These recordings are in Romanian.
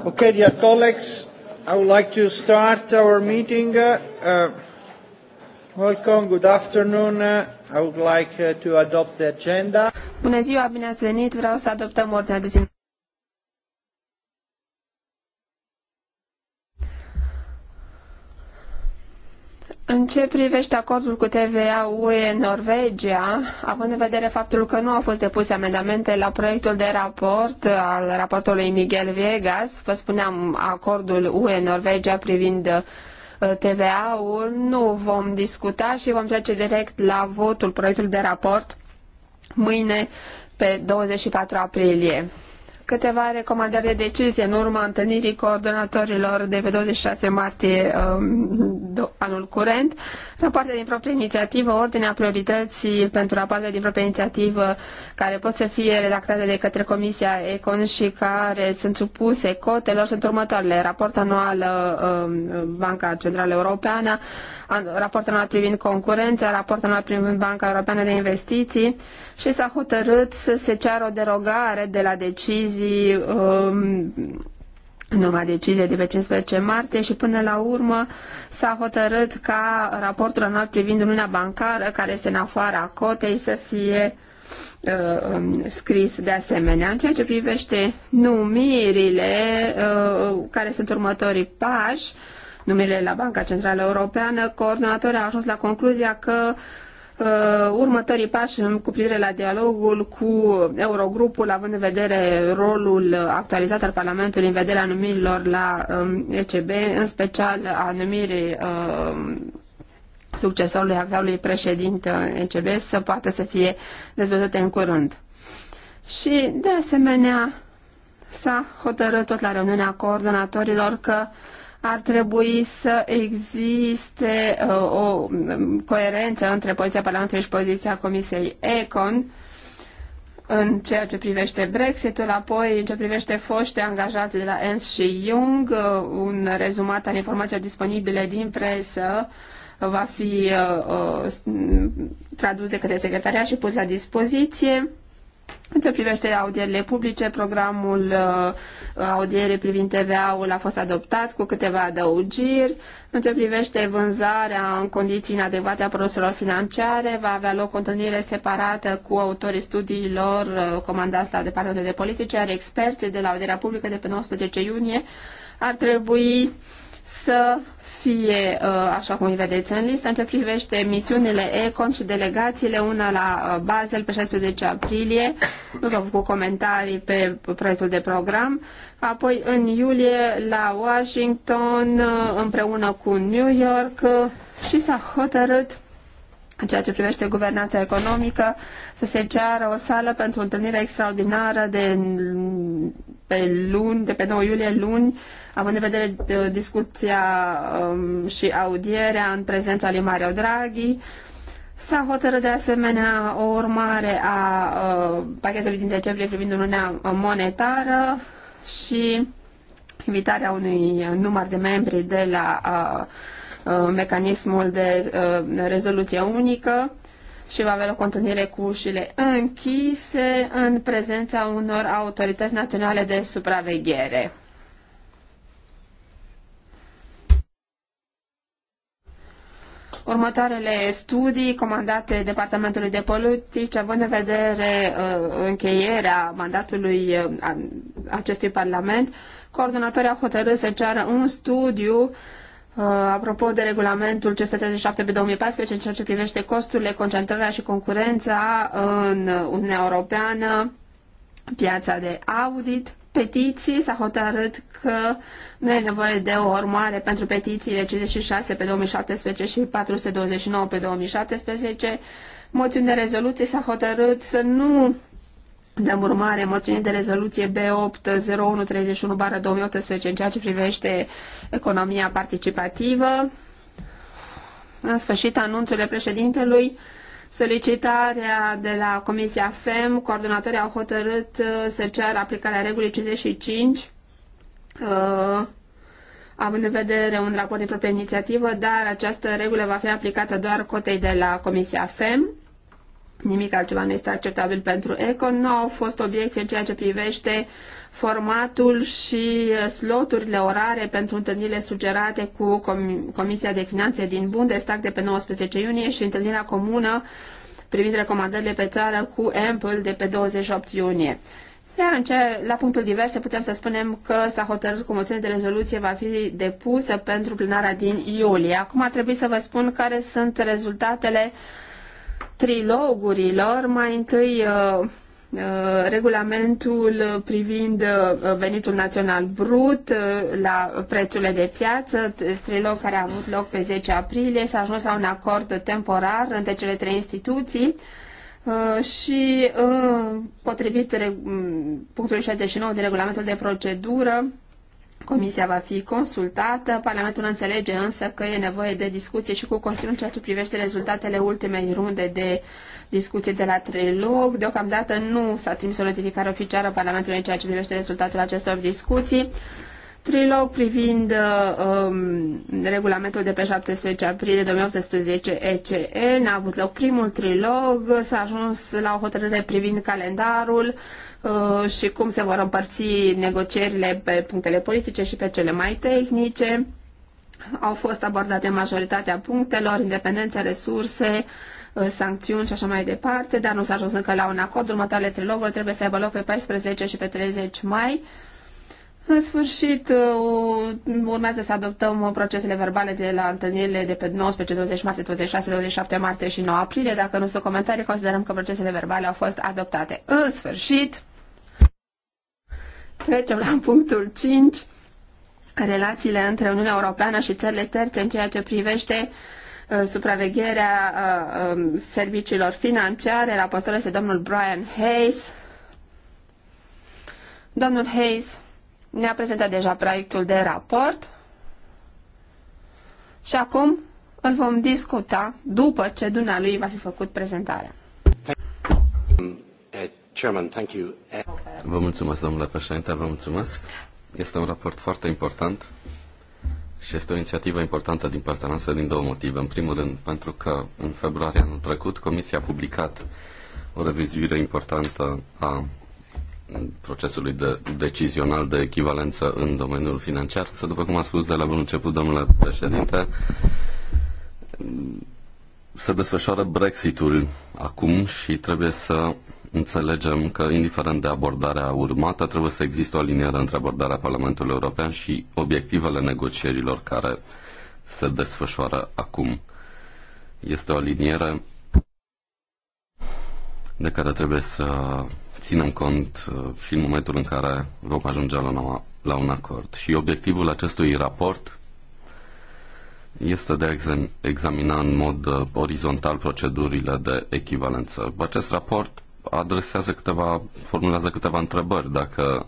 Okay, dear colleagues, I would like to start our meeting. Uh, uh welcome, good afternoon. Uh, I would like uh, to adopt the agenda. Bună ziua, bine ați venit. Vreau să adoptăm ordinea de zi. ce privește acordul cu TVA UE-Norvegia, având în vedere faptul că nu au fost depuse amendamente la proiectul de raport al raportului Miguel Viegas, vă spuneam acordul UE-Norvegia privind uh, TVA-ul, nu vom discuta și vom trece direct la votul proiectului de raport mâine pe 24 aprilie câteva recomandări de decizie în urma întâlnirii coordonatorilor de pe 26 martie um, anul curent, rapoarte din proprie inițiativă, ordinea priorității pentru rapoarte din proprie inițiativă care pot să fie redactate de către Comisia Econ și care sunt supuse cotelor sunt următoarele. Raport anual uh, um, Banca Centrală Europeană, raportul anual privind concurența, raportul anual privind Banca Europeană de Investiții și s-a hotărât să se ceară o derogare de la decizii um, numai decizie de pe 15 martie și până la urmă s-a hotărât ca raportul anual privind Uniunea Bancară, care este în afara cotei, să fie uh, um, scris de asemenea. În ceea ce privește numirile, uh, care sunt următorii pași, uh, numele la Banca Centrală Europeană, coordonatorul a ajuns la concluzia că uh, următorii pași cu privire la dialogul cu Eurogrupul, având în vedere rolul actualizat al Parlamentului în vederea numirilor la um, ECB, în special a numirii uh, succesorului actualului președinte ECB, să poată să fie dezvăzute în curând. Și, de asemenea, s-a hotărât tot la reuniunea coordonatorilor că uh, ar trebui să existe uh, o um, coerență între poziția Parlamentului și poziția Comisiei Econ în ceea ce privește Brexitul, apoi în ce privește foște angajați de la Ernst și Young, uh, un rezumat al informațiilor disponibile din presă va fi uh, uh tradus de către secretaria și pus la dispoziție. În ce privește audierile publice, programul uh, audierii privind TVA-ul a fost adoptat cu câteva adăugiri. În ce privește vânzarea în condiții inadecvate a produselor financiare, va avea loc o întâlnire separată cu autorii studiilor uh, comandați la Departamentul de Politice, iar experții de la audierea publică de pe 19 iunie ar trebui să fie, uh, așa cum îi vedeți în listă, în ce privește misiunile ECON și delegațiile, una la uh, Basel pe 16 aprilie, nu s-au făcut comentarii pe proiectul de program, apoi în iulie la Washington uh, împreună cu New York și s-a hotărât în ceea ce privește guvernanța economică, să se ceară o sală pentru întâlnire extraordinară de pe luni, de pe 2 iulie luni, având în vedere uh, discuția um, și audierea în prezența lui Mario Draghi. S-a hotărât de asemenea o urmare a uh, pachetului din decembrie privind Uniunea Monetară și invitarea unui număr de membri de la uh, uh mecanismul de uh, rezoluție unică și va avea loc o întâlnire cu ușile închise în prezența unor autorități naționale de supraveghere. Următoarele studii comandate Departamentului de Politici, având în vedere uh, încheierea mandatului uh, acestui Parlament, coordonatorii au hotărât să ceară un studiu uh, Uh, apropo de regulamentul 537 pe 2014 în ceea ce privește costurile, concentrarea și concurența în Uniunea Europeană, piața de audit, petiții, s-a hotărât că nu e nevoie de o urmare pentru petițiile 56 pe 2017 și 429 pe 2017. Moțiuni de rezoluție s-a hotărât să nu Dăm urmare moțiunii de rezoluție B80131-2018 în ceea ce privește economia participativă. În sfârșit, anunțurile președintelui, solicitarea de la Comisia FEM, coordonatorii au hotărât uh, să ceară aplicarea regulii 55 uh, având în vedere un raport din proprie inițiativă, dar această regulă va fi aplicată doar cotei de la Comisia FEM. Nimic altceva nu este acceptabil pentru ECO. Nu au fost obiecții în ceea ce privește formatul și sloturile orare pentru întâlnirile sugerate cu Com Comisia de Finanțe din Bundestag de pe 19 iunie și întâlnirea comună privind recomandările pe țară cu Ample de pe 28 iunie. Iar în ce, la punctul diverse putem să spunem că s-a hotărât că moțiunea de rezoluție va fi depusă pentru plenarea din iulie. Acum trebuie să vă spun care sunt rezultatele uh, trilogurilor, mai întâi uh, uh, regulamentul privind uh, venitul național brut la prețurile de piață, trilog care a avut loc pe 10 aprilie, s-a ajuns la un acord temporar între cele trei instituții și potrivit mm, punctului 69 din regulamentul de procedură, Comisia va fi consultată, Parlamentul înțelege însă că e nevoie de discuție și cu Consiliul în ceea ce privește rezultatele ultimei runde de discuții de la trilog. Deocamdată nu s-a trimis o notificare oficială Parlamentului în ceea ce privește rezultatul acestor discuții. Trilog privind um, regulamentul de pe 17 aprilie 2018 ECE, n-a avut loc primul trilog, s-a ajuns la o hotărâre privind calendarul, uh, Uh, și cum se vor împărți negocierile pe punctele politice și pe cele mai tehnice. Au fost abordate majoritatea punctelor, independența, resurse, uh, sancțiuni și așa mai departe, dar nu s-a ajuns încă la un acord. Următoarele triloguri trebuie să aibă loc pe 14 și pe 30 mai. În sfârșit, uh, urmează să adoptăm procesele verbale de la întâlnirile de pe 19, 20 martie, 26, 27 martie și 9 aprilie. Dacă nu sunt comentarii, considerăm că procesele verbale au fost adoptate. În sfârșit, Trecem la punctul 5, relațiile între Uniunea Europeană și țările terțe în ceea ce privește uh, supravegherea uh, um, serviciilor financiare. Raportorul este domnul Brian Hayes. Domnul Hayes ne-a prezentat deja proiectul de raport și acum îl vom discuta după ce dumnealui va fi făcut prezentarea. Vă mulțumesc, domnule președinte, vă mulțumesc. Este un raport foarte important și este o inițiativă importantă din partea noastră din două motive. În primul rând, pentru că în februarie anul trecut Comisia a publicat o revizuire importantă a procesului de decizional de echivalență în domeniul financiar. Să după cum a spus de la bun început, domnule președinte, se desfășoară Brexitul acum și trebuie să Înțelegem că, indiferent de abordarea urmată, trebuie să existe o aliniere între abordarea Parlamentului European și obiectivele negocierilor care se desfășoară acum. Este o aliniere de care trebuie să ținem cont uh, și în momentul în care vom ajunge la, la un acord. Și obiectivul acestui raport este de a examina în mod uh, orizontal procedurile de echivalență. Acest raport adresează câteva, formulează câteva întrebări dacă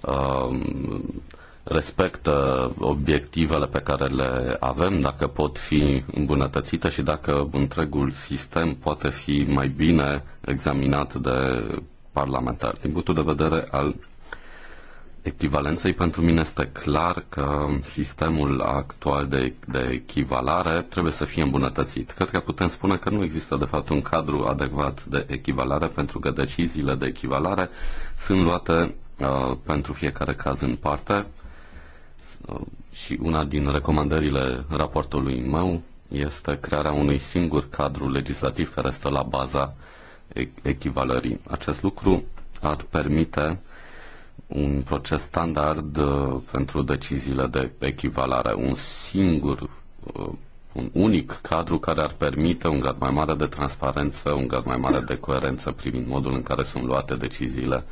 um, respectă obiectivele pe care le avem, dacă pot fi îmbunătățite și dacă întregul sistem poate fi mai bine examinat de parlamentari din punctul de vedere al echivalenței, pentru mine este clar că sistemul actual de, de echivalare trebuie să fie îmbunătățit. Cred că putem spune că nu există, de fapt, un cadru adecvat de echivalare, pentru că deciziile de echivalare sunt luate uh, pentru fiecare caz în parte. Uh, și una din recomandările raportului meu este crearea unui singur cadru legislativ care stă la baza echivalării. Acest lucru ar permite un proces standard uh, pentru deciziile de echivalare, un singur, uh, un unic cadru care ar permite un grad mai mare de transparență, un grad mai mare de coerență privind modul în care sunt luate deciziile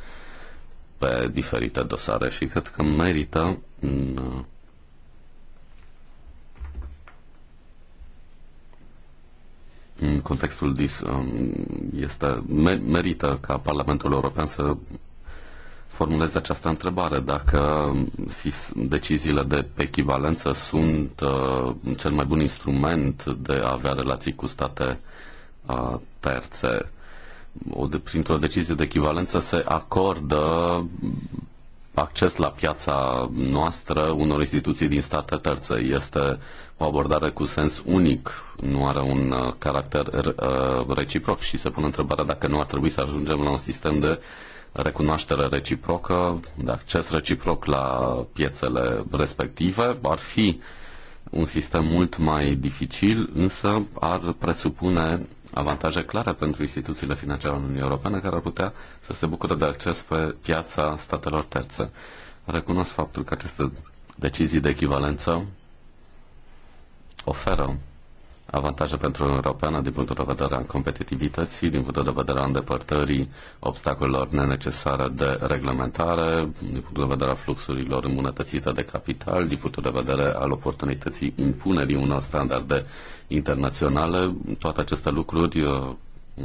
pe diferite dosare și cred că merită în uh, în contextul DIS um, este, merită ca Parlamentul European să formulez această întrebare, dacă deciziile de echivalență sunt uh, cel mai bun instrument de a avea relații cu state uh, terțe. O de, printr-o decizie de echivalență se acordă acces la piața noastră unor instituții din state terțe. Este o abordare cu sens unic, nu are un uh, caracter uh, reciproc și se pune întrebarea dacă nu ar trebui să ajungem la un sistem de uh, recunoaștere reciprocă, de acces reciproc la piețele respective. Ar fi un sistem mult mai dificil, însă ar presupune avantaje clare pentru instituțiile financiare ale Uniunii Europene care ar putea să se bucure de acces pe piața statelor terțe. Recunosc faptul că aceste decizii de echivalență oferă avantaje pentru europeană din punctul de vedere al competitivității, din punctul de vedere al îndepărtării obstacolelor nenecesare de reglementare, din punctul de vedere al fluxurilor îmbunătățite de capital, din punctul de vedere al oportunității impunerii unor standarde internaționale, toate aceste lucruri uh,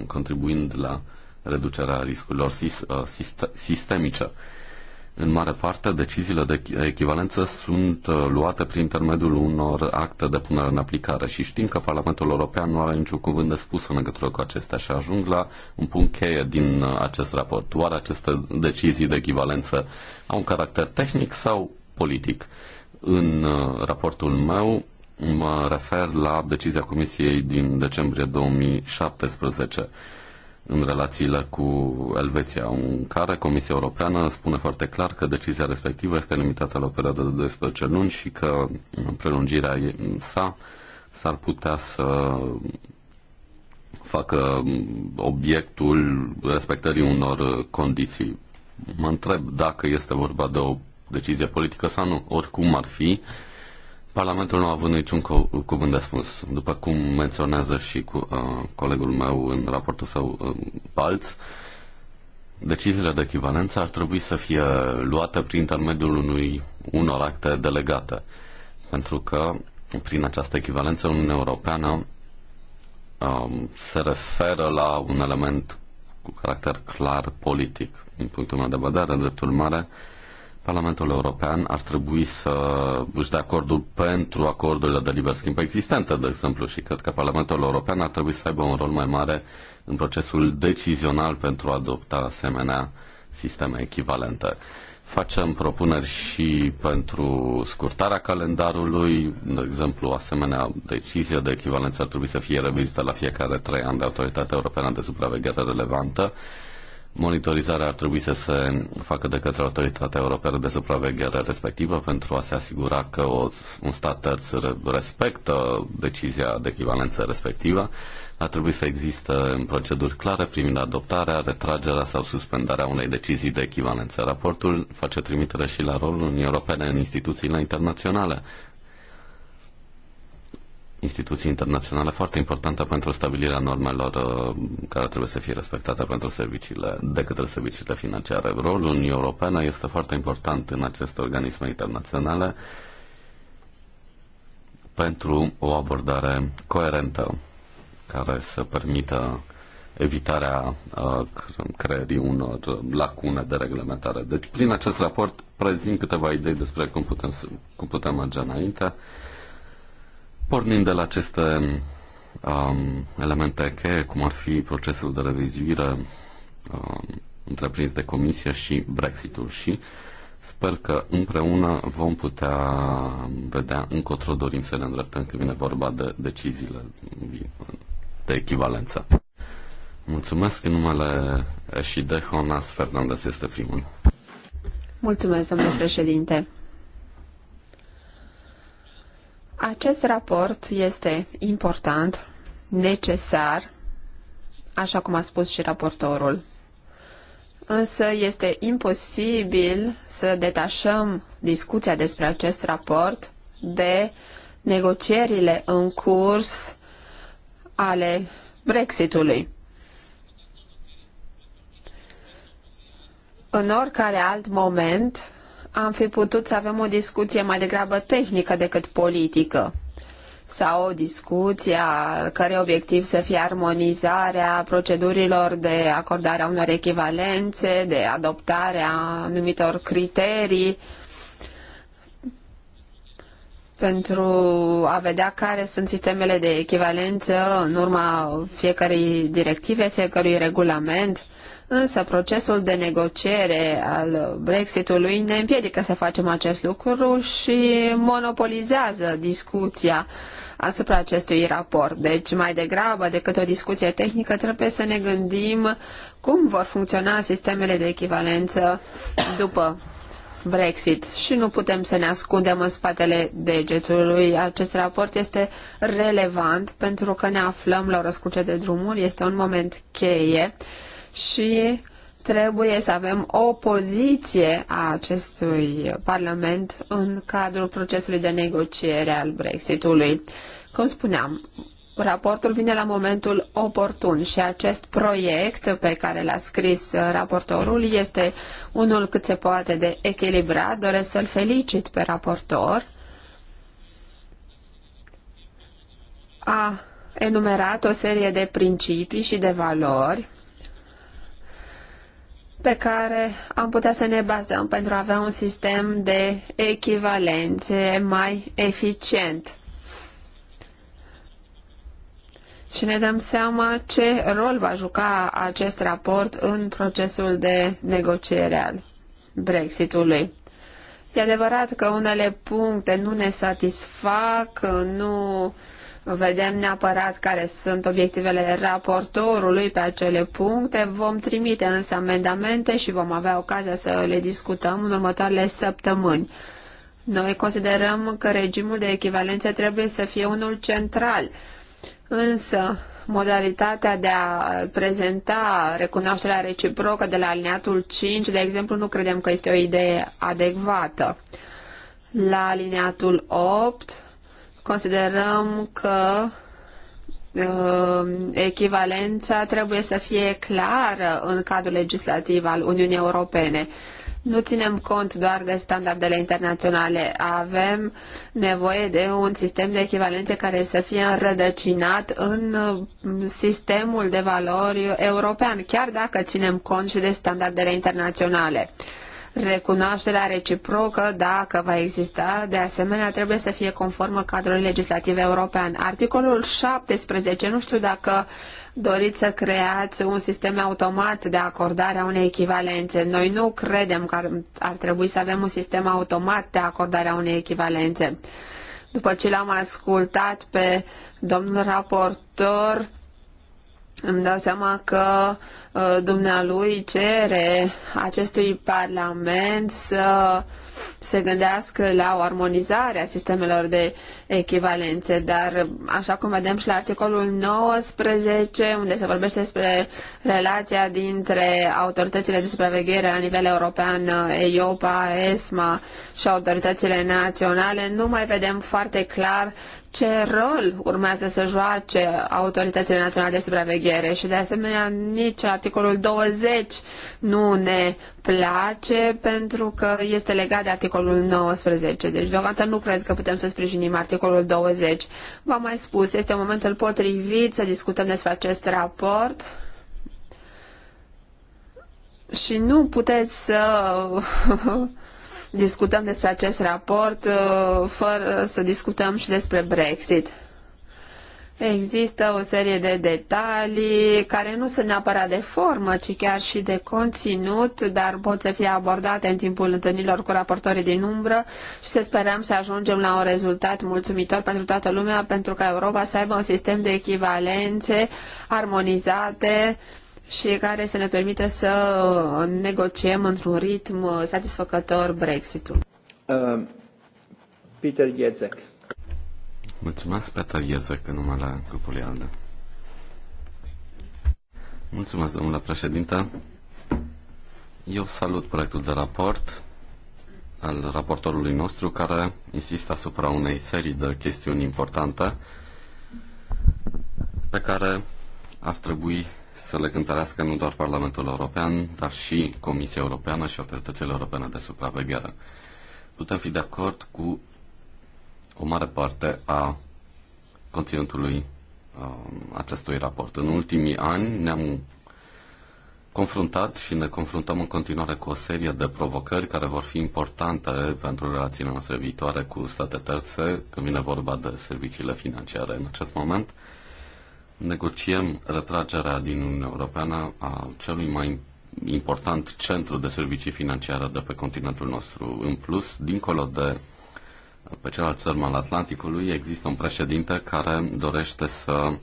contribuind la reducerea riscurilor uh, sistemice. În mare parte, deciziile de echivalență sunt uh, luate prin intermediul unor acte de punere în aplicare și știm că Parlamentul European nu are niciun cuvânt de spus în legătură cu acestea și ajung la un punct cheie din uh, acest raport. Oare aceste decizii de echivalență au un caracter tehnic sau politic? În uh, raportul meu mă refer la decizia Comisiei din decembrie 2017 în relațiile cu Elveția, în care Comisia Europeană spune foarte clar că decizia respectivă este limitată la o perioadă de 12 luni și că prelungirea sa s-ar putea să facă obiectul respectării unor condiții. Mă întreb dacă este vorba de o decizie politică sau nu. Oricum ar fi, uh, Parlamentul nu a avut niciun cu- cuvânt de spus. După cum menționează și cu, uh, colegul meu în raportul său, uh, Balț, deciziile de echivalență ar trebui să fie luate prin intermediul unui, unor acte delegate. Pentru că prin această echivalență Uniunea Europeană um, se referă la un element cu caracter clar politic. Din punctul meu de vedere, dreptul mare, uh, Parlamentul European ar trebui să își dea acordul pentru acordurile de liber schimb existente, de exemplu, și cred că Parlamentul European ar trebui să aibă un rol mai mare în procesul decizional pentru a adopta asemenea sisteme echivalente. Facem propuneri și pentru scurtarea calendarului, de exemplu, asemenea decizie de echivalență ar trebui să fie revizită la fiecare trei ani de Autoritatea Europeană de Supraveghere Relevantă Monitorizarea ar trebui să se facă de către Autoritatea Europeană de Supraveghere respectivă pentru a se asigura că o, un stat terț respectă decizia de echivalență respectivă. Ar trebui să existe proceduri clare privind adoptarea, retragerea sau suspendarea unei decizii de echivalență. Raportul face trimitere și la rolul Uniunii Europene în instituțiile internaționale instituție internațională foarte importantă pentru stabilirea normelor uh, care trebuie să fie respectate pentru serviciile, de către serviciile financiare. Rolul Uniunii Europene este foarte important în aceste organisme internaționale pentru o abordare coerentă care să permită evitarea uh, creării unor lacune de reglementare. Deci, prin acest raport prezint câteva idei despre cum putem, cum putem merge înainte. Pornind de la aceste um, elemente cheie, cum ar fi procesul de revizuire um, întreprins de Comisie și Brexitul și sper că împreună vom putea vedea încotro dorim să ne îndreptăm când vine vorba de deciziile de echivalență. Mulțumesc în numele și de Honas Fernandez este primul. Mulțumesc, domnule președinte. Acest raport este important, necesar, așa cum a spus și raportorul. Însă este imposibil să detașăm discuția despre acest raport de negocierile în curs ale Brexitului. În oricare alt moment, am fi putut să avem o discuție mai degrabă tehnică decât politică sau o discuție al cărei obiectiv să fie armonizarea procedurilor de acordare a unor echivalențe, de adoptarea anumitor criterii pentru a vedea care sunt sistemele de echivalență în urma fiecărei directive, fiecărui regulament însă procesul de negociere al Brexitului ne împiedică să facem acest lucru și monopolizează discuția asupra acestui raport. Deci, mai degrabă decât o discuție tehnică, trebuie să ne gândim cum vor funcționa sistemele de echivalență după Brexit și nu putem să ne ascundem în spatele degetului. Acest raport este relevant pentru că ne aflăm la o răscruce de drumuri, este un moment cheie și trebuie să avem o poziție a acestui Parlament în cadrul procesului de negociere al Brexitului. Cum spuneam, raportul vine la momentul oportun și acest proiect pe care l-a scris raportorul este unul cât se poate de echilibrat. Doresc să-l felicit pe raportor. A enumerat o serie de principii și de valori pe care am putea să ne bazăm pentru a avea un sistem de echivalențe mai eficient. Și ne dăm seama ce rol va juca acest raport în procesul de negociere al Brexitului. E adevărat că unele puncte nu ne satisfac, nu uh, vedem neapărat care sunt obiectivele raportorului pe acele puncte. Vom trimite însă amendamente și vom avea ocazia să le discutăm în următoarele săptămâni. Noi considerăm că regimul de echivalență trebuie să fie unul central, însă modalitatea de a prezenta recunoașterea reciprocă de la alineatul 5, de exemplu, nu credem că este o idee adecvată. La alineatul 8, Considerăm că uh, echivalența trebuie să fie clară în cadrul legislativ al Uniunii Europene. Nu ținem cont doar de standardele internaționale, avem nevoie de un sistem de echivalențe care să fie înrădăcinat în uh, sistemul de valori european, chiar dacă ținem cont și de standardele internaționale recunoașterea reciprocă, dacă va exista, de asemenea trebuie să fie conformă cadrului legislativ european. Articolul 17, nu știu dacă doriți să creați un sistem automat de acordare a unei echivalențe. Noi nu credem că ar, ar trebui să avem un sistem automat de acordare a unei echivalențe. După ce l-am ascultat pe domnul raportor, îmi dau seama că uh, dumnealui cere acestui Parlament să se gândească la o armonizare a sistemelor de echivalențe, dar așa cum vedem și la articolul 19, unde se vorbește despre relația dintre autoritățile de supraveghere la nivel european, EIOPA, ESMA și autoritățile naționale, nu mai vedem foarte clar ce rol urmează să joace autoritățile naționale de supraveghere și de asemenea nici articolul 20 nu ne place pentru că este legat de articolul 19. Deci deocamdată nu cred că putem să sprijinim articolul 20. V-am mai spus, este momentul potrivit să discutăm despre acest raport și nu puteți să discutăm despre acest raport uh, fără să discutăm și despre Brexit. Există o serie de detalii care nu sunt neapărat de formă, ci chiar și de conținut, dar pot să fie abordate în timpul întâlnirilor cu raportorii din umbră și să sperăm să ajungem la un rezultat mulțumitor pentru toată lumea, pentru ca Europa să aibă un sistem de echivalențe armonizate, uh, și care să ne permită să negociem într-un ritm satisfăcător Brexitul. Uh, Peter Ghezek. Mulțumesc, Peter Ghezek, în numele grupului ALDE. Mulțumesc, domnule președinte. Eu salut proiectul de raport al raportorului nostru care insistă asupra unei serii de chestiuni importante pe care ar trebui să le cântărească nu doar Parlamentul European, dar și Comisia Europeană și autoritățile europene de supraveghere. Putem fi de acord cu o mare parte a conținutului um, acestui raport. În ultimii ani ne-am confruntat și ne confruntăm în continuare cu o serie de provocări care vor fi importante pentru relațiile noastre viitoare cu state terțe, când vine vorba de serviciile financiare. În acest moment, negociem retragerea din Uniunea Europeană a celui mai important centru de servicii financiare de pe continentul nostru. În plus, dincolo de pe celălalt țărm al Atlanticului, există un președinte care dorește să uh,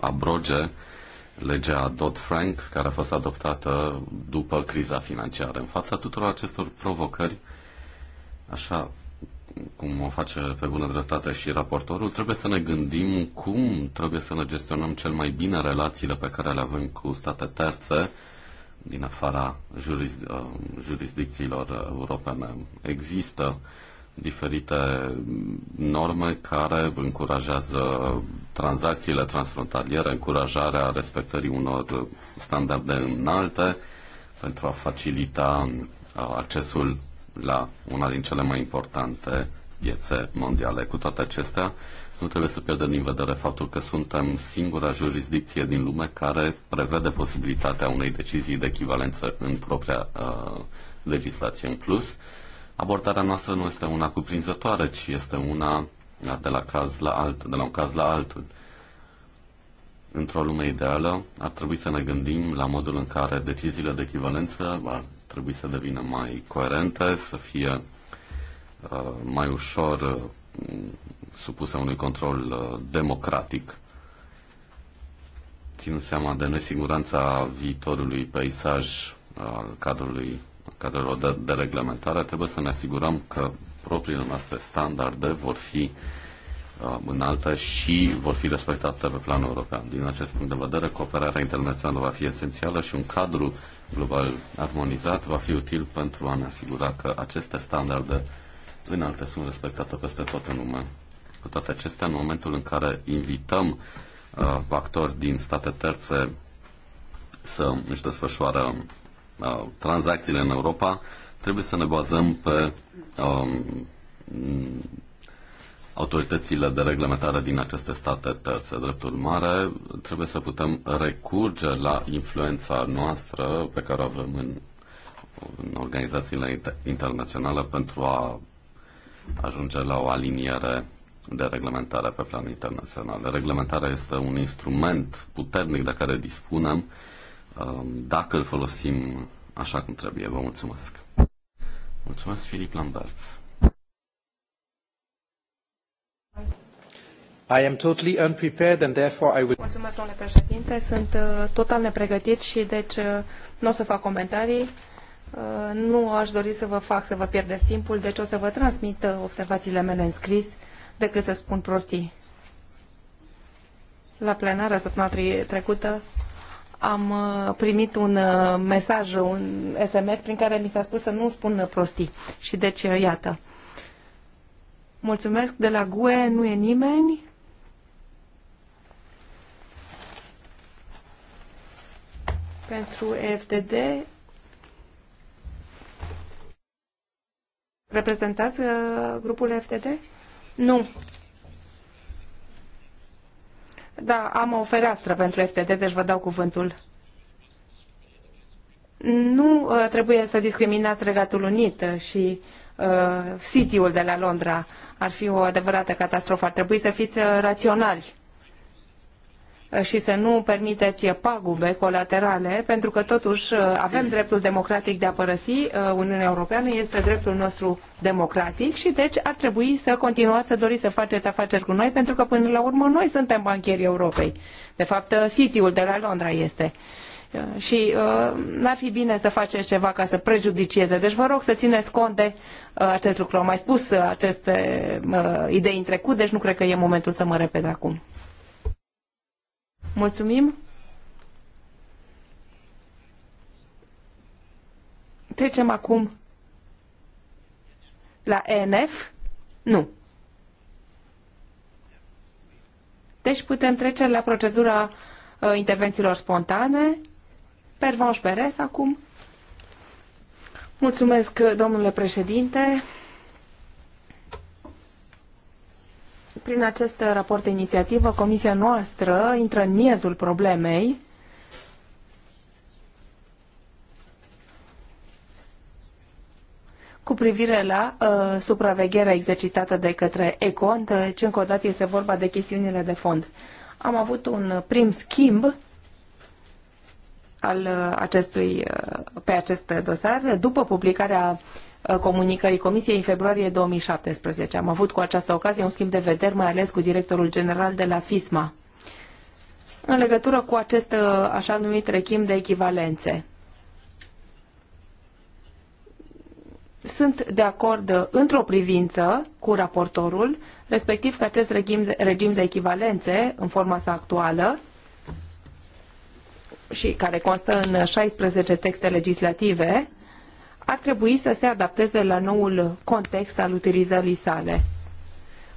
abroge legea Dodd-Frank, care a fost adoptată după criza financiară. În fața tuturor acestor provocări, așa cum o face pe bună dreptate și raportorul, trebuie să ne gândim cum trebuie să ne gestionăm cel mai bine relațiile pe care le avem cu state terțe din afara juris, uh, jurisdicțiilor europene. Există diferite norme care încurajează tranzacțiile transfrontaliere, încurajarea respectării unor standarde înalte pentru a facilita accesul la una din cele mai importante piețe mondiale. Cu toate acestea, nu trebuie să pierdem din vedere faptul că suntem singura jurisdicție din lume care prevede posibilitatea unei decizii de echivalență în propria uh, legislație. În plus, abordarea noastră nu este una cuprinzătoare, ci este una de la, caz la alt, de la un caz la altul. Într-o lume ideală, ar trebui să ne gândim la modul în care deciziile de echivalență ar trebui să devină mai coerente, să fie uh, mai ușor uh, supuse unui control uh, democratic, Țin seama de nesiguranța viitorului peisaj al cadrului, cadrelor de, de reglementare, trebuie să ne asigurăm că propriile noastre standarde vor fi uh, înalte și vor fi respectate pe plan european. Din acest punct de vedere, cooperarea internațională va fi esențială și un cadru global armonizat va fi util pentru a ne asigura că aceste standarde înalte sunt respectate peste tot în lume. Cu toate acestea, în momentul în care invităm uh, actori din state terțe să își desfășoară uh, tranzacțiile în Europa, trebuie să ne bazăm pe uh, autoritățile de reglementare din aceste state terțe. Drept urmare, trebuie să putem recurge la influența noastră pe care o avem în, în organizațiile internaționale pentru a ajunge la o aliniere de reglementare pe plan internațional. Reglementarea este un instrument puternic de care dispunem um, dacă îl folosim așa cum trebuie. Vă mulțumesc! Mulțumesc, Filip Lamberts! I am totally unprepared and therefore I will... Mulțumesc, domnule președinte. Sunt uh, total nepregătit și deci uh, nu o să fac comentarii. Uh, nu aș dori să vă fac să vă pierdeți timpul, deci o să vă transmit uh, observațiile mele în scris decât să spun prostii. La plenară săptămâna trecută am uh, primit un uh, mesaj, un SMS prin care mi s-a spus să nu spun prostii. Și deci, iată. Mulțumesc de la GUE, nu e nimeni. pentru FDD, Reprezentați uh, grupul EFTD? Nu. Da, am o fereastră pentru FTD, deci vă dau cuvântul. Nu uh, trebuie să discriminați Regatul Unit și uh, City-ul de la Londra. Ar fi o adevărată catastrofă. Ar trebui să fiți uh, raționali și să nu permiteți pagube colaterale, pentru că totuși uh, avem dreptul democratic de a părăsi uh, Uniunea Europeană, este dreptul nostru democratic și deci ar trebui să continuați să doriți să faceți afaceri cu noi, pentru că până la urmă noi suntem bancherii Europei. De fapt, City-ul uh, de la Londra este și uh, n-ar fi bine să faceți ceva ca să prejudicieze. Deci vă rog să țineți cont de uh, acest lucru. Am mai spus uh, aceste idei în trecut, deci nu cred că e momentul să mă repet acum. Mulțumim. Trecem acum la ENF. Nu. Deci putem trece la procedura uh, intervențiilor spontane. Pervanș Beres acum. Mulțumesc, domnule președinte. Prin acest raport de inițiativă, comisia noastră intră în miezul problemei cu privire la uh, supravegherea exercitată de către Econ, uh, ce încă o dată este vorba de chestiunile de fond. Am avut un prim schimb al uh, acestui, uh, pe acest dosar după publicarea uh, Uh, comunicării Comisiei în februarie 2017. Am avut cu această ocazie un schimb de vederi, mai ales cu directorul general de la FISMA, în legătură cu acest uh, așa numit rechim de echivalențe. Sunt de acord uh, într-o privință cu raportorul, respectiv că acest regim de, regim de echivalențe, în forma sa actuală, și care constă în 16 texte legislative, ar trebui să se adapteze la noul context al utilizării sale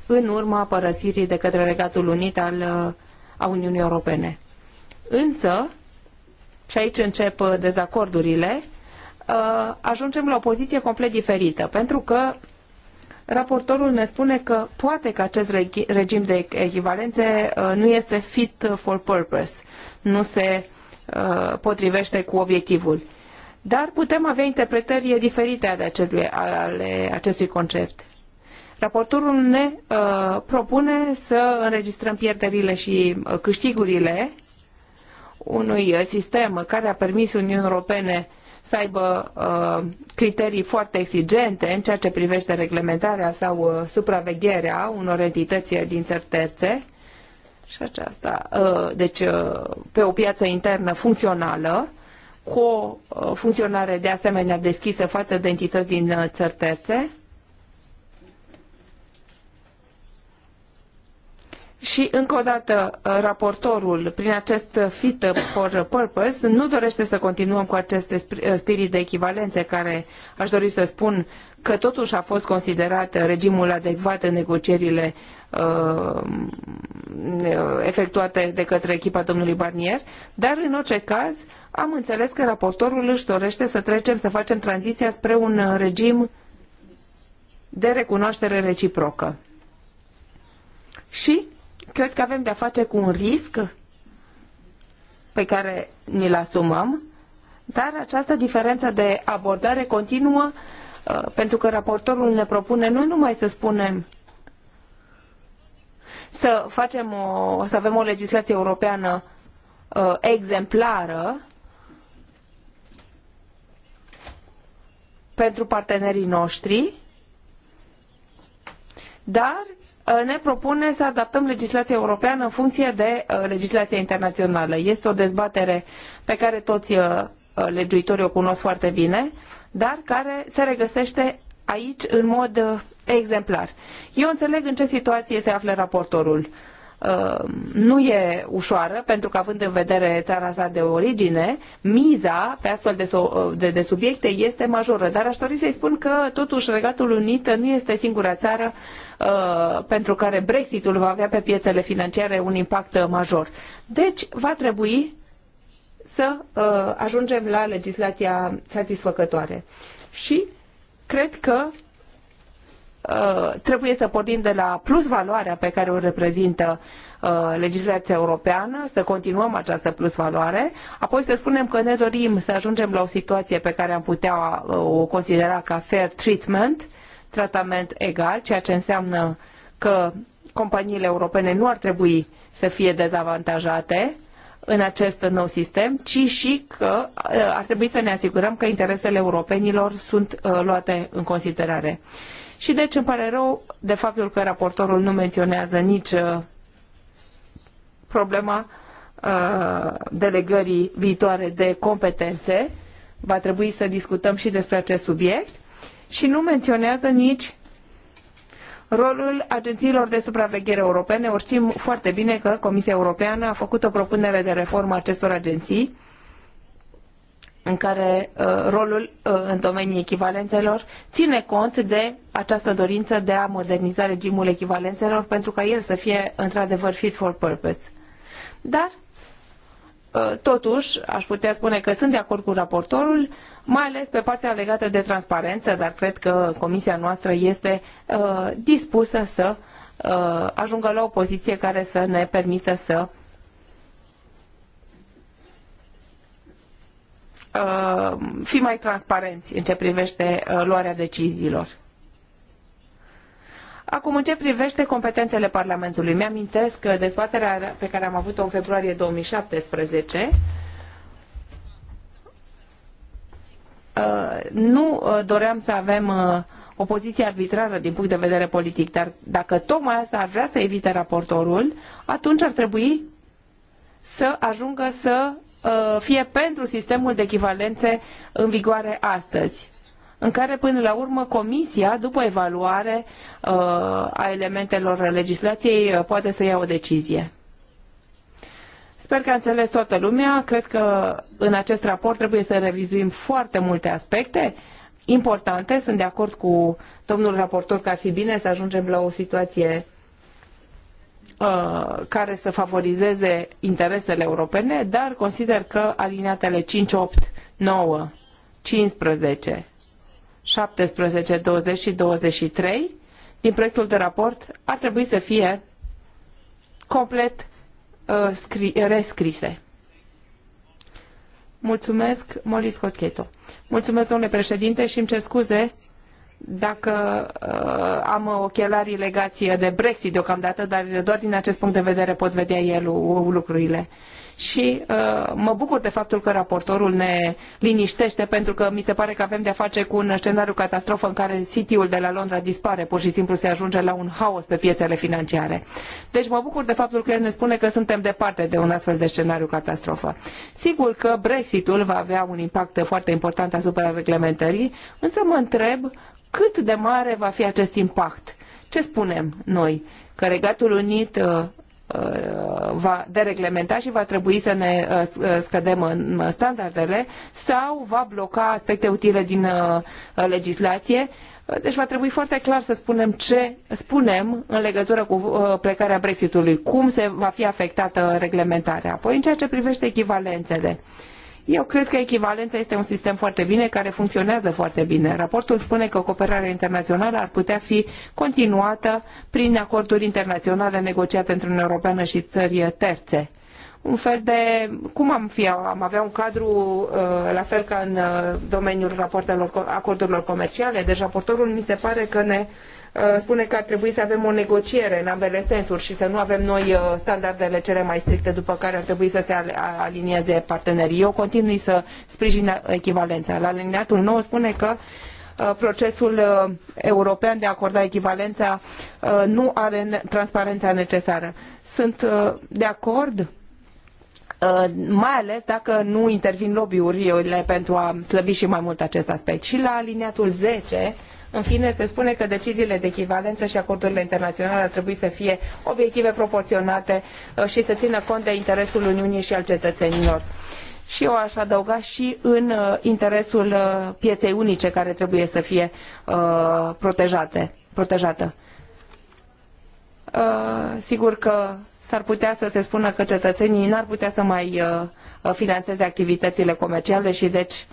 în urma părăsirii de către Regatul Unit al, a Uniunii Europene. Însă, și aici încep dezacordurile, uh, ajungem la o poziție complet diferită, pentru că raportorul ne spune că poate că acest regim de echivalențe uh, nu este fit for purpose, nu se uh, potrivește cu obiectivul. Dar putem avea interpretări diferite ale acestui, ale acestui concept. Raportorul ne uh, propune să înregistrăm pierderile și uh, câștigurile unui uh, sistem care a permis Uniunii Europene să aibă uh, criterii foarte exigente în ceea ce privește reglementarea sau uh, supravegherea unor entități din țări terțe și aceasta, uh, deci uh, pe o piață internă funcțională cu o uh, funcționare de asemenea deschisă față de entități din uh, țări terțe Și, încă o dată, uh, raportorul, prin acest fit for purpose, nu dorește să continuăm cu acest spirit de echivalențe care, aș dori să spun, că totuși a fost considerat regimul adecvat în negocierile uh, efectuate de către echipa domnului Barnier, dar, în orice caz, uh, am înțeles că raportorul își dorește să trecem, să facem tranziția spre un uh, regim de recunoaștere reciprocă. Și cred că avem de-a face cu un risc pe care ni-l asumăm, dar această diferență de abordare continuă uh, pentru că raportorul ne propune nu numai să spunem să facem o, să avem o legislație europeană uh, exemplară pentru partenerii noștri, dar uh, ne propune să adaptăm legislația europeană în funcție de uh, legislația internațională. Este o dezbatere pe care toți uh, legiuitorii o cunosc foarte bine, dar care se regăsește aici în mod exemplar. Eu înțeleg în ce situație se află raportorul. Uh, nu e ușoară, pentru că având în vedere țara sa de origine, miza pe astfel de, so- de, de subiecte este majoră. Dar aș dori să-i spun că totuși Regatul Unit nu este singura țară uh, pentru care Brexitul va avea pe piețele financiare un impact major. Deci va trebui să uh, ajungem la legislația satisfăcătoare. Și cred că Uh, trebuie să pornim de la plus valoarea pe care o reprezintă uh, legislația europeană, să continuăm această plus valoare, apoi să spunem că ne dorim să ajungem la o situație pe care am putea uh, o considera ca fair treatment, tratament egal, ceea ce înseamnă că companiile europene nu ar trebui să fie dezavantajate în acest nou sistem, ci și că ar trebui să ne asigurăm că interesele europenilor sunt luate în considerare. Uh, și deci îmi pare rău de faptul că raportorul nu menționează nici uh, problema uh, delegării viitoare de competențe. Va trebui să discutăm și despre acest subiect. Și nu menționează nici rolul agențiilor de supraveghere europene. Or, știm foarte bine că Comisia Europeană a făcut o propunere de reformă a acestor agenții în care uh, rolul uh, în domeniul echivalențelor ține cont de această dorință de a moderniza regimul echivalențelor pentru ca el să fie într-adevăr fit for purpose. Dar, uh, totuși, aș putea spune că sunt de acord cu raportorul, mai ales pe partea legată de transparență, dar cred că comisia noastră este dispusă să ajungă la o poziție care să ne permită să Uh, fi mai transparenți în ce privește uh, luarea deciziilor. Acum, în ce privește competențele Parlamentului, mi-amintesc că dezbaterea pe care am avut-o în februarie 2017 uh, nu doream să avem o poziție arbitrară din punct de vedere politic, dar dacă tocmai asta ar vrea să evite raportorul, atunci ar trebui să ajungă să Uh, fie pentru sistemul de echivalențe în vigoare astăzi în care până la urmă comisia, după evaluare uh, a elementelor legislației, uh, poate să ia o decizie. Sper că a înțeles toată lumea. Cred că în acest raport trebuie să revizuim foarte multe aspecte importante. Sunt de acord cu domnul raportor că ar fi bine să ajungem la o situație Uh, care să favorizeze interesele europene, dar consider că aliniatele 5, 8, 9, 15, 17, 20 și 23 din proiectul de raport ar trebui să fie complet uh, rescrise. Mulțumesc, Molis Cocheto. Mulțumesc, domnule președinte, și îmi cer scuze dacă uh, am ochelarii legați de Brexit deocamdată, dar doar din acest punct de vedere pot vedea el lucrurile și uh, mă bucur de faptul că raportorul ne liniștește pentru că mi se pare că avem de-a face cu un scenariu catastrofă în care City-ul de la Londra dispare, pur și simplu se ajunge la un haos pe piețele financiare. Deci mă bucur de faptul că el ne spune că suntem departe de un astfel de scenariu catastrofă. Sigur că Brexitul va avea un impact foarte important asupra reglementării, însă mă întreb cât de mare va fi acest impact. Ce spunem noi? Că Regatul Unit uh, va dereglementa și va trebui să ne uh, scădem în standardele sau va bloca aspecte utile din uh, legislație. Uh, deci va trebui foarte clar să spunem ce spunem în legătură cu plecarea Brexitului, cum se va fi afectată reglementarea. Apoi, în ceea ce privește echivalențele, uh, eu cred că echivalența este un sistem foarte bine, care funcționează foarte bine. Raportul spune că cooperarea internațională ar putea fi continuată prin acorduri internaționale negociate între Uniunea Europeană și țări terțe un fel de cum am fi am avea un cadru uh, la fel ca în uh, domeniul acordurilor comerciale, deci raportorul mi se pare că ne Uh, spune că ar trebui să avem o negociere în ambele sensuri și să nu avem noi uh, standardele cele mai stricte după care ar trebui să se alinieze partenerii. Eu continui să sprijin uh, echivalența. La alineatul nou spune că procesul european de a acorda echivalența nu are transparența necesară. Sunt de acord mai ales dacă nu intervin lobby-urile pentru a slăbi și mai mult acest aspect. Și la aliniatul 10 în fine, se spune că deciziile de echivalență și acordurile internaționale ar trebui să fie obiective proporționate uh, și să țină cont de interesul Uniunii și al cetățenilor. Și eu aș adăuga și în uh, interesul uh, pieței unice care trebuie să fie protejate, protejată. Uh, sigur că s-ar putea să se spună că cetățenii n-ar putea să mai uh, financeze activitățile comerciale și deci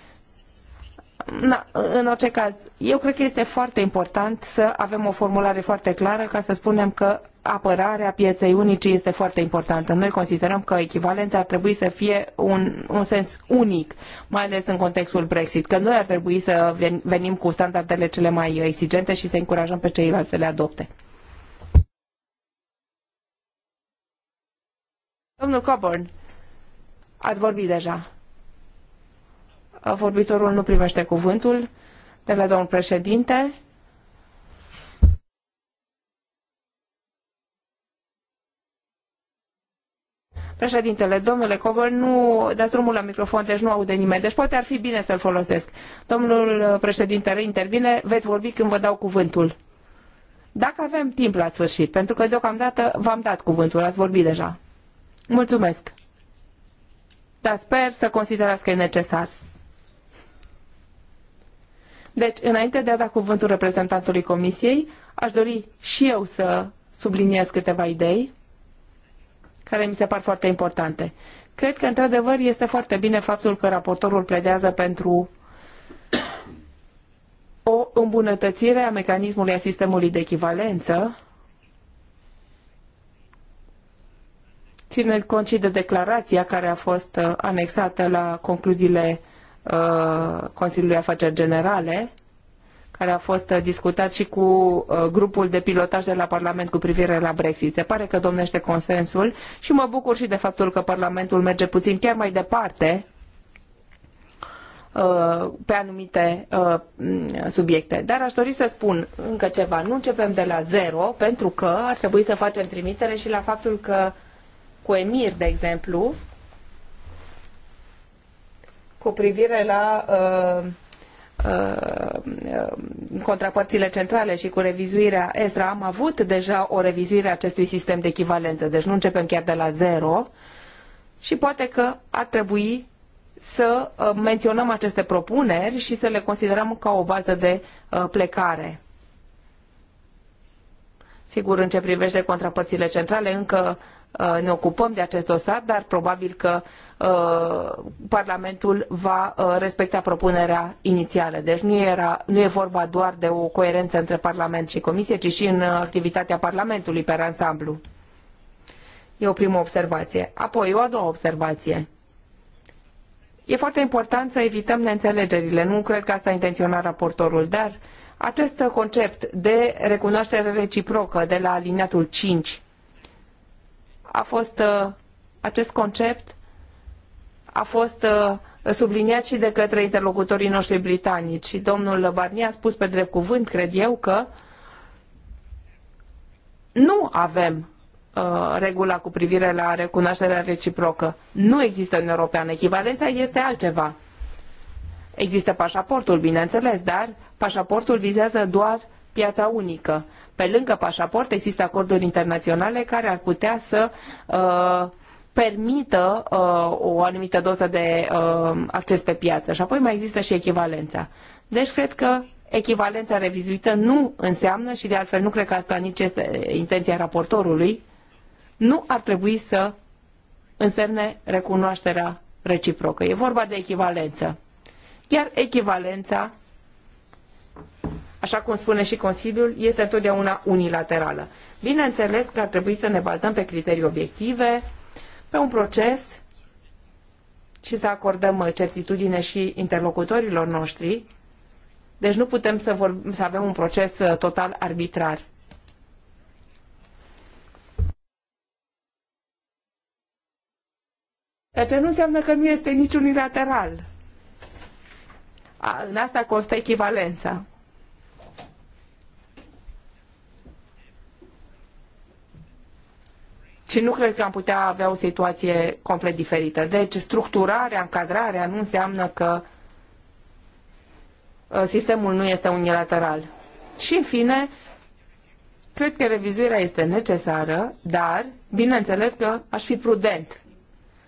Na, în orice caz, eu cred că este foarte important să avem o formulare foarte clară ca să spunem că apărarea pieței unice este foarte importantă. Noi considerăm că echivalența ar trebui să fie un, un sens unic, mai ales în contextul Brexit, că noi ar trebui să venim cu standardele cele mai exigente și să încurajăm pe ceilalți să le adopte. Domnul Coburn, ați vorbit deja. Vorbitorul nu primește cuvântul de la domnul președinte. Președintele, domnule Cover, nu dați drumul la microfon, deci nu aude nimeni, deci poate ar fi bine să-l folosesc. Domnul uh, președinte reintervine, veți vorbi când vă dau cuvântul. Dacă avem timp la sfârșit, pentru că deocamdată v-am dat cuvântul, ați vorbit deja. Mulțumesc. Dar sper să considerați că e necesar. Deci, înainte de a da cuvântul reprezentantului Comisiei, aș dori și eu să subliniez câteva idei care mi se par foarte importante. Cred că, într-adevăr, este foarte bine faptul că raportorul pledează pentru o îmbunătățire a mecanismului a sistemului de echivalență, ținând cont și de declarația care a fost uh, anexată la concluziile Uh, Consiliului Afaceri Generale, care a fost uh, discutat și cu uh, grupul de pilotaj de la Parlament cu privire la Brexit. Se pare că domnește consensul și mă bucur și de faptul că Parlamentul merge puțin chiar mai departe pe anumite subiecte. Dar aș dori să spun încă ceva. Nu începem de la zero, pentru că ar trebui să facem trimitere și la faptul că cu Emir, de exemplu, cu privire la uh, uh, contrapărțile centrale și cu revizuirea ESRA am avut deja o revizuire a acestui sistem de echivalență, deci nu începem chiar de la zero și poate că ar trebui să uh, menționăm aceste propuneri și să le considerăm ca o bază de uh, plecare. Sigur, în ce privește contrapărțile centrale, încă Uh, ne ocupăm de acest dosar, dar probabil că uh, Parlamentul va uh, respecta propunerea inițială. Deci nu, era, nu e vorba doar de o coerență între Parlament și Comisie, ci și în activitatea Parlamentului pe ansamblu. E o primă observație. Apoi, o a doua observație. E foarte important să evităm neînțelegerile. Nu cred că asta intenționa raportorul, dar acest concept de recunoaștere reciprocă de la aliniatul 5 a fost uh, acest concept a fost uh, subliniat și de către interlocutorii noștri britanici. domnul Barnier a spus pe drept cuvânt, cred eu, că nu avem uh, regula cu privire la recunoașterea reciprocă. Nu există în Europeană. Echivalența este altceva. Există pașaportul, bineînțeles, dar pașaportul vizează doar piața unică pe lângă pașaport există acorduri internaționale care ar putea să uh, permită uh, o anumită doză de uh, acces pe piață. Și apoi mai există și echivalența. Deci cred că echivalența revizuită nu înseamnă și de altfel nu cred că asta nici este intenția raportorului, nu ar trebui să însemne recunoașterea reciprocă. E vorba de echivalență. Iar echivalența așa cum spune și Consiliul, este întotdeauna unilaterală. Bineînțeles că ar trebui să ne bazăm pe criterii obiective, pe un proces și să acordăm uh, certitudine și interlocutorilor noștri. Deci nu putem să, vorbim, să avem un proces uh, total arbitrar. Ceea ce nu înseamnă că nu este nici unilateral. În asta constă echivalența. și nu cred că am putea avea o situație complet diferită. Deci structurarea, încadrarea nu înseamnă că uh, sistemul nu este unilateral. Și în fine, cred că revizuirea este necesară, dar bineînțeles că aș fi prudent.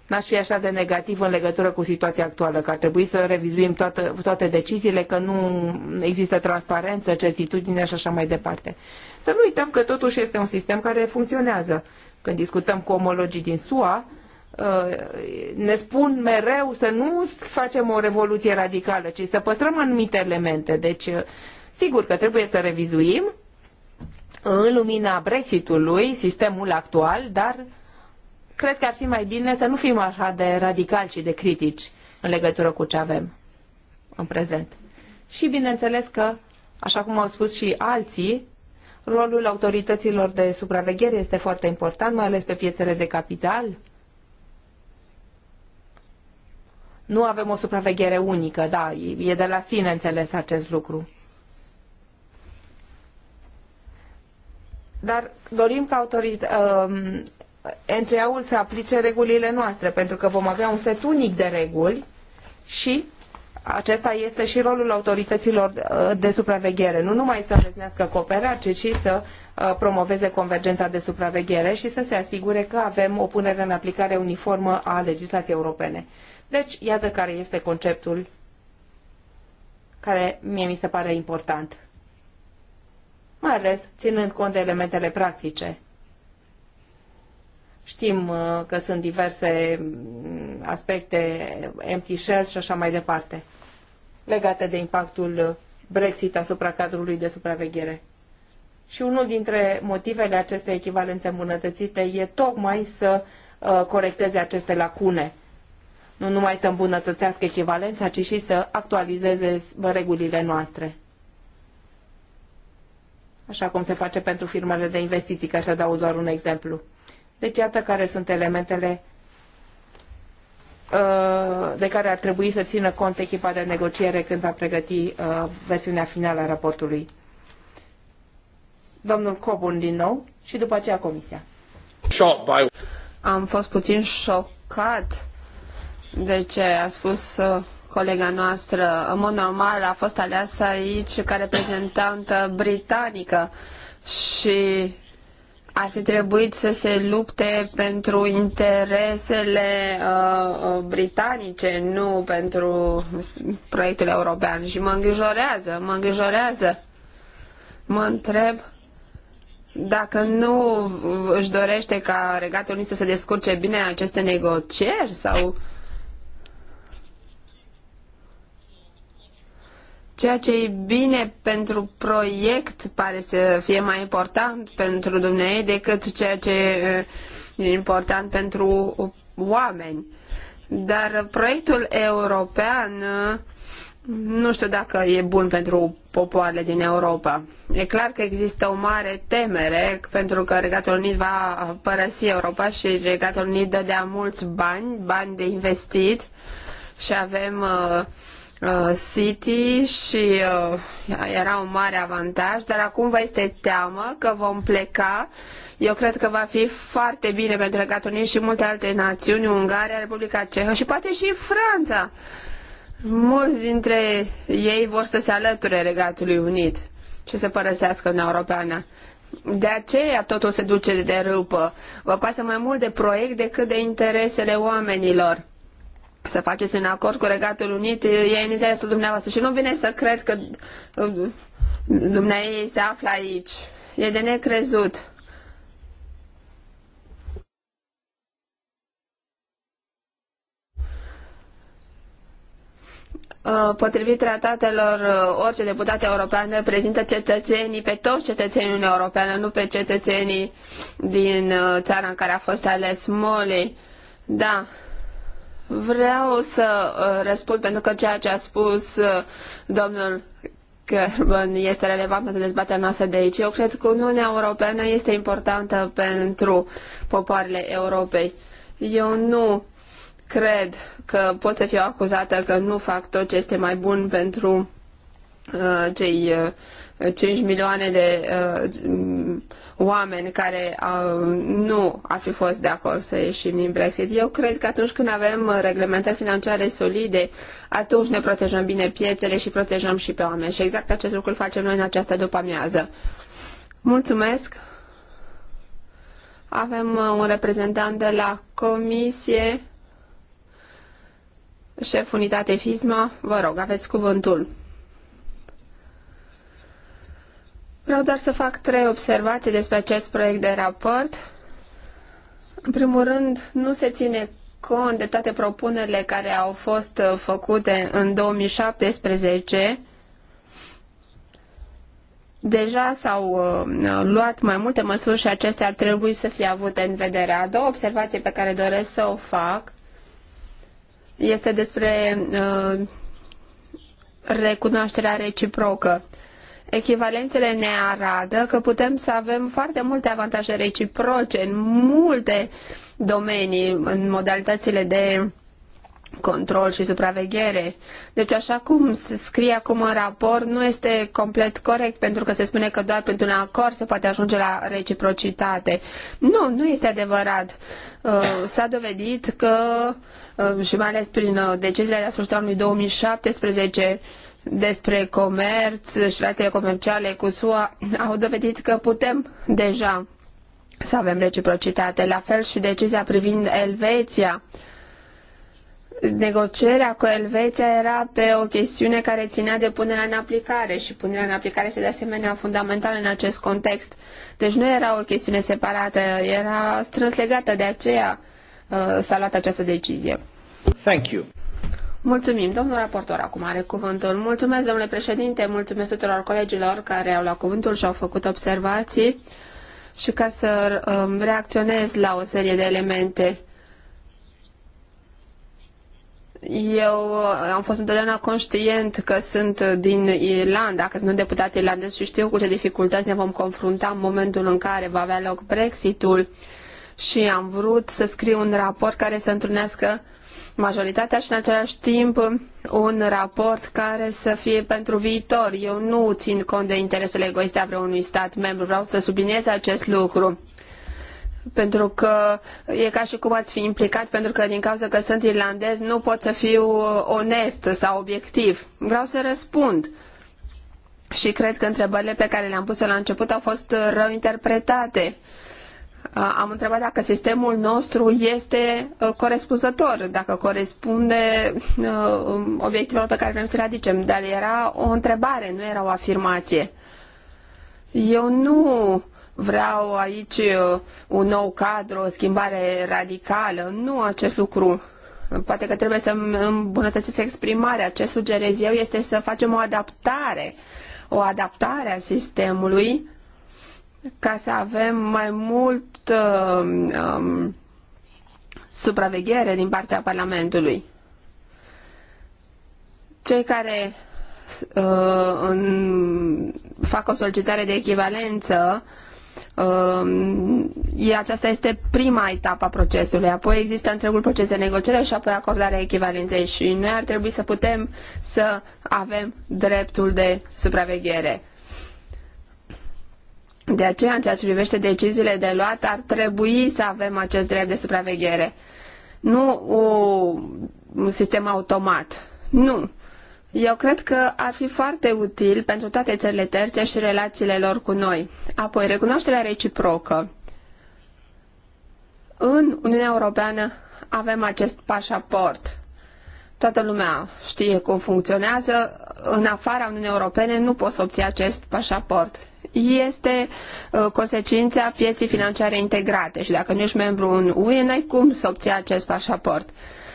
N-aș fi așa de negativ în legătură cu situația actuală, că ar trebui să revizuim toate, toate deciziile, că nu există transparență, certitudine și așa mai departe. Să nu uităm că totuși este un sistem care funcționează când discutăm cu omologii din SUA, uh, ne spun mereu să nu facem o revoluție radicală, ci să păstrăm anumite elemente. Deci, uh, sigur că trebuie să revizuim în lumina Brexitului sistemul actual, dar cred că ar fi mai bine să nu fim așa de radicali și de critici în legătură cu ce avem în prezent. Și bineînțeles că, așa cum au spus și alții, Rolul autorităților de supraveghere este foarte important, mai ales pe piețele de capital. Nu avem o supraveghere unică, da, e de la sine înțeles acest lucru. Dar dorim ca uh, um, NCA-ul să aplice regulile noastre, pentru că vom avea un set unic de reguli și acesta este și rolul autorităților uh, de supraveghere. Nu numai să îndeplinească cooperarea, ci și să uh, promoveze convergența de supraveghere și să se asigure că avem o punere în aplicare uniformă a legislației europene. Deci, iată care este conceptul care mie mi se pare important, mai ales ținând cont de elementele practice Știm uh, că sunt diverse mm, aspecte, empty shells și așa mai departe, legate de impactul Brexit asupra cadrului de supraveghere. Și unul dintre motivele acestei echivalențe îmbunătățite e tocmai să uh, corecteze aceste lacune. Nu numai să îmbunătățească echivalența, ci și să actualizeze regulile noastre. Așa cum se face pentru firmele de investiții, ca să dau doar un exemplu. Deci iată care sunt elementele uh, de care ar trebui să țină cont echipa de negociere când va pregăti uh, versiunea finală a raportului. Domnul Cobun din nou și după aceea comisia. Am fost puțin șocat de ce a spus uh, colega noastră. În mod normal a fost aleasă aici ca reprezentantă britanică și ar fi trebuit să se lupte pentru interesele uh, uh, britanice, nu pentru proiectul european. Și mă îngrijorează, mă îngrijorează. Mă întreb dacă nu își dorește ca Regatul Unit să se descurce bine în aceste negocieri sau Ceea ce e bine pentru proiect pare să fie mai important pentru dumneavoastră decât ceea ce e important pentru oameni. Dar proiectul european nu știu dacă e bun pentru popoarele din Europa. E clar că există o mare temere pentru că Regatul Unit va părăsi Europa și Regatul Unit dădea mulți bani, bani de investit și avem uh, Uh, City și uh, era un mare avantaj, dar acum vă este teamă că vom pleca. Eu cred că va fi foarte bine pentru Regatul Unit și multe alte națiuni, Ungaria, Republica Cehă și poate și Franța. Mulți dintre ei vor să se alăture Regatului Unit și să părăsească Uniunea Europeană. De aceea totul se duce de râpă. Vă pasă mai mult de proiect decât de interesele oamenilor să faceți un acord cu Regatul Unit, e în interesul dumneavoastră și nu vine să cred că uh, dumneavoastră se află aici. E de necrezut. Uh, potrivit tratatelor, uh, orice deputat european prezintă cetățenii, pe toți cetățenii Uniunii Europeană, nu pe cetățenii din țara în care a fost ales Moli. Da, Vreau să uh, răspund pentru că ceea ce a spus uh, domnul Gerben este relevant pentru dezbaterea noastră de aici. Eu cred că Uniunea Europeană este importantă pentru popoarele Europei. Eu nu cred că pot să fiu acuzată că nu fac tot ce este mai bun pentru uh, cei uh, 5 milioane de uh, oameni care uh, nu ar fi fost de acord să ieșim din Brexit. Eu cred că atunci când avem uh, reglementări financiare solide, atunci ne protejăm bine piețele și protejăm și pe oameni. Și exact acest lucru îl facem noi în această după-amiază. Mulțumesc! Avem uh, un reprezentant de la Comisie, șef unitate FISMA. Vă rog, aveți cuvântul. Vreau doar să fac trei observații despre acest proiect de raport. În primul rând, nu se ține cont de toate propunerile care au fost uh, făcute în 2017. Deja s-au uh, luat mai multe măsuri și acestea ar trebui să fie avute în vedere. A doua observație pe care doresc să o fac este despre uh, recunoașterea reciprocă echivalențele ne arată că putem să avem foarte multe avantaje reciproce în multe domenii, în modalitățile de control și supraveghere. Deci așa cum se scrie acum în raport nu este complet corect pentru că se spune că doar pentru un acord se poate ajunge la reciprocitate. Nu, nu este adevărat. Uh, s-a dovedit că uh, și mai ales prin uh, deciziile de la sfârșitul anului 2017 despre comerț și relațiile comerciale cu SUA au dovedit că putem deja să avem reciprocitate. La fel și decizia privind Elveția. Negocierea cu Elveția era pe o chestiune care ținea de punerea în aplicare și punerea în aplicare este de asemenea fundamentală în acest context. Deci nu era o chestiune separată, era strâns legată, de aceea uh, s-a luat această decizie. Thank you. Mulțumim. Domnul raportor acum are cuvântul. Mulțumesc, domnule președinte, mulțumesc tuturor colegilor care au luat cuvântul și au făcut observații. Și ca să um, reacționez la o serie de elemente, eu uh, am fost întotdeauna conștient că sunt din Irlanda, că sunt deputat irlandez și știu cu ce dificultăți ne vom confrunta în momentul în care va avea loc Brexitul și am vrut să scriu un raport care să întrunească majoritatea și în același timp un raport care să fie pentru viitor. Eu nu țin cont de interesele egoiste ale vreunui stat membru, vreau să subliniez acest lucru pentru că e ca și cum ați fi implicat, pentru că din cauza că sunt irlandez nu pot să fiu onest sau obiectiv. Vreau să răspund. Și cred că întrebările pe care le-am pus la început au fost rău interpretate. Uh, am întrebat dacă sistemul nostru este uh, corespunzător, dacă corespunde uh, obiectivelor pe care vrem să le aducem, dar era o întrebare, nu era o afirmație. Eu nu vreau aici uh, un nou cadru, o schimbare radicală, nu acest lucru. Poate că trebuie să îmbunătățesc exprimarea. Ce sugerez eu este să facem o adaptare, o adaptare a sistemului ca să avem mai mult uh, um, supraveghere din partea Parlamentului. Cei care uh, în, fac o solicitare de echivalență uh, E, aceasta este prima etapă a procesului. Apoi există întregul proces de negociere și apoi acordarea echivalenței și noi ar trebui să putem să avem dreptul de supraveghere. De aceea, în ceea ce privește deciziile de luat, ar trebui să avem acest drept de supraveghere. Nu o, uh, un sistem automat. Nu. Eu cred că ar fi foarte util pentru toate țările terțe și relațiile lor cu noi. Apoi, recunoașterea reciprocă. În Uniunea Europeană avem acest pașaport. Toată lumea știe cum funcționează. În afara Uniunii Europene nu poți obține acest pașaport este uh, consecința pieții financiare integrate și dacă nu ești membru în UE, n-ai cum să obții acest pașaport.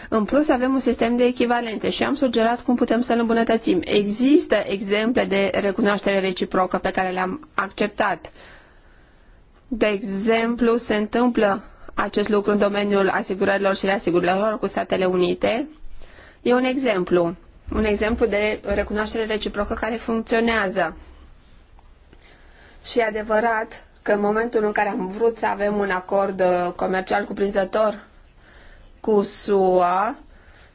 În plus, avem un sistem de echivalențe și am sugerat cum putem să-l îmbunătățim. Există exemple de recunoaștere reciprocă pe care le-am acceptat. De exemplu, se întâmplă acest lucru în domeniul asigurărilor și reasigurărilor cu Statele Unite. E un exemplu, un exemplu de recunoaștere reciprocă care funcționează. Și e adevărat că în momentul în care am vrut să avem un acord uh, comercial cuprinzător cu SUA,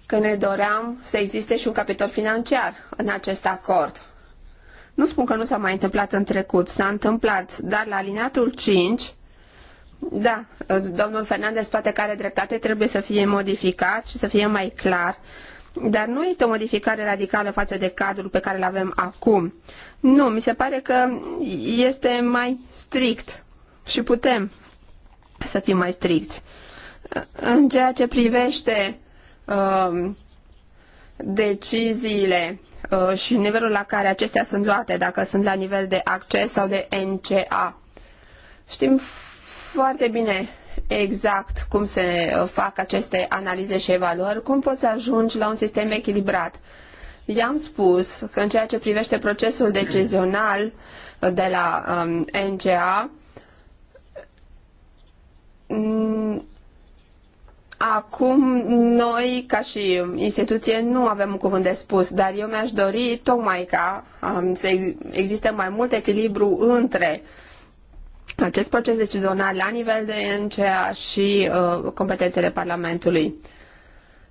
că ne doream să existe și un capitol financiar în acest acord. Nu spun că nu s-a mai întâmplat în trecut, s-a întâmplat, dar la alineatul 5, da, uh, domnul Fernandez poate că are dreptate, trebuie să fie modificat și să fie mai clar dar nu este o modificare radicală față de cadrul pe care îl avem acum. Nu, mi se pare că este mai strict și putem să fim mai stricți. În ceea ce privește uh, deciziile uh, și nivelul la care acestea sunt luate, dacă sunt la nivel de acces sau de NCA. Știm foarte bine exact cum se fac aceste analize și evaluări, cum poți ajungi la un sistem echilibrat. I-am spus că în ceea ce privește procesul decizional de la um, NGA, mm, Acum, noi, ca și instituție, nu avem un cuvânt de spus, dar eu mi-aș dori tocmai ca um, să existe mai mult echilibru între uh, acest proces decizional la nivel de NCA și uh, competențele Parlamentului.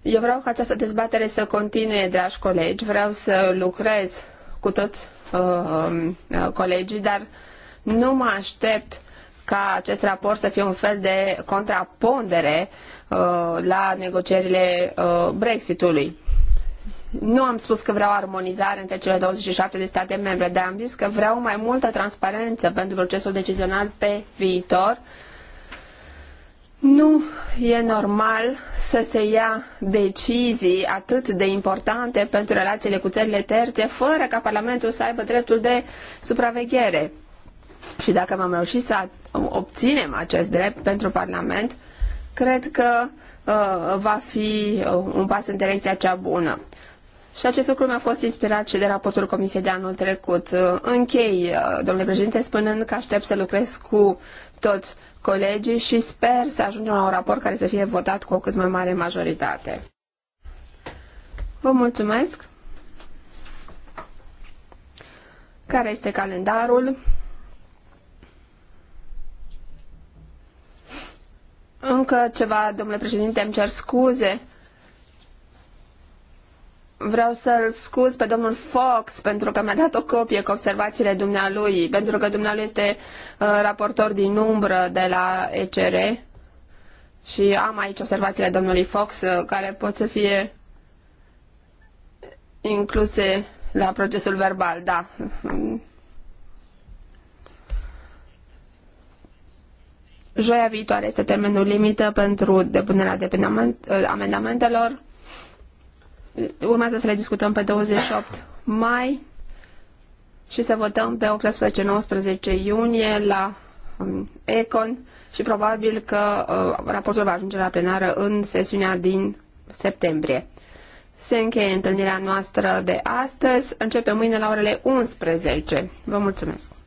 Eu vreau ca această dezbatere să continue, dragi colegi, vreau să lucrez cu toți uh, uh, colegii, dar nu mă aștept ca acest raport să fie un fel de contrapondere uh, la negocierile uh, Brexitului. Nu am spus că vreau armonizare între cele 27 de state membre, dar am zis că vreau mai multă transparență pentru procesul decizional pe viitor. Nu e normal să se ia decizii atât de importante pentru relațiile cu țările terțe fără ca Parlamentul să aibă dreptul de supraveghere. Și dacă am reușit să obținem acest drept pentru Parlament, cred că uh, va fi uh, un pas în direcția cea bună. Și acest lucru mi-a fost inspirat și de raportul Comisiei de anul trecut. Uh, închei, uh, domnule președinte, spunând că aștept să lucrez cu toți colegii și sper să ajungem la un raport care să fie votat cu o cât mai mare majoritate. Vă mulțumesc! Care este calendarul? Încă ceva, domnule președinte, îmi cer scuze vreau să-l scuz pe domnul Fox pentru că mi-a dat o copie cu observațiile dumnealui, pentru că dumnealui este uh, raportor din umbră de la ECR și am aici observațiile domnului Fox uh, care pot să fie incluse la procesul verbal, da. Joia viitoare este termenul limită pentru depunerea de uh, amendamentelor urmează să le discutăm pe 28 mai și să votăm pe 18-19 iunie la um, Econ și probabil că uh, raportul va ajunge la plenară în sesiunea din septembrie. Se încheie întâlnirea noastră de astăzi, începe mâine la orele 11. Vă mulțumesc!